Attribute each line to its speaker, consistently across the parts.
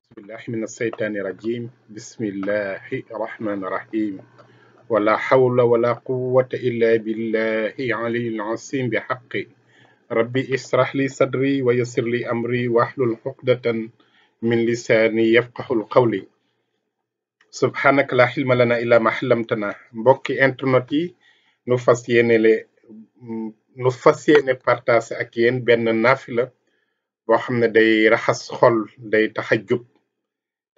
Speaker 1: بسم الله من الشيطان الرجيم بسم الله الرحمن الرحيم ولا حول ولا قوة إلا بالله علي العظيم بحق ربي اشرح لي صدري ويسر لي أمري واحلل عقدة من لساني يفقه القول سبحانك لا حلم لنا إلا ما حلمتنا mbokki انترنتي yi nu fas yéene le nu fas yéene partage وحمنا داي رحس خل داي تحجب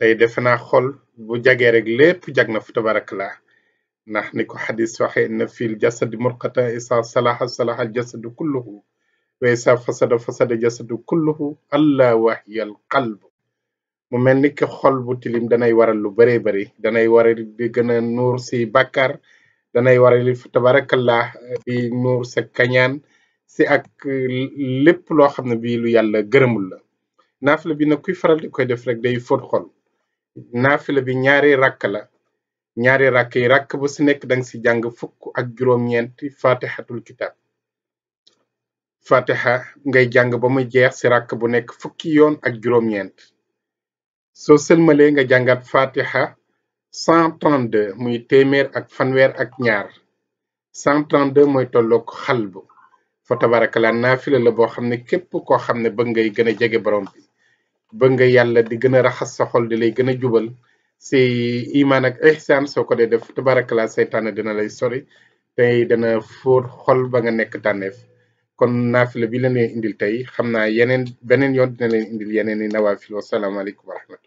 Speaker 1: داي دفنا خل بو جاگه رك لب جاگنا فتبارك لا نحنكو حديث وحي إن في الجسد مرقطة إسا صلاح صلاح الجسد كله وإسا فسد فسد الجسد كله الله وحي القلب ممن لك خل بو تلم داناي وارا لو بري بري داناي وارا لغنا نور سي بكر داناي وارا لفتبارك الله بي نور سكنان سي ci ak lépp loo xam ne bii lu yàlla gërëmul la naafila bi nag kuy faral di koy def rek day fóot xol naafila bi ñaari rakk la ñaari rakk yi rakk bu si nekk danga si jàng fukk ak juróom-ñeenti fatihatul kitab fatiha ngay jàng ba mu jeex si rakk bu nekk fukki yoon ak juróom-ñeent soo sëlmalee nga jàngat fatiha 132 muy téeméer ak fanweer ak ñaar 132 mooy tolloog xalbu fa tabarakalaa naafila la boo xam ne képp koo xam ne bëgg ngay gën a jege borom bi bëgg nga yàlla di gën a raxas sa xol di lay gën a jubal si imaan ak ihsaan soo ko de def tabarakalaa seytaane dina lay sori te dana fóot xol ba nga nekk tànneef kon naafila bi la leen indil tey xam naa yeneen beneen yoon dina leen indil yeneen i nawaafil wasalaamaaleykum wa rahmatulah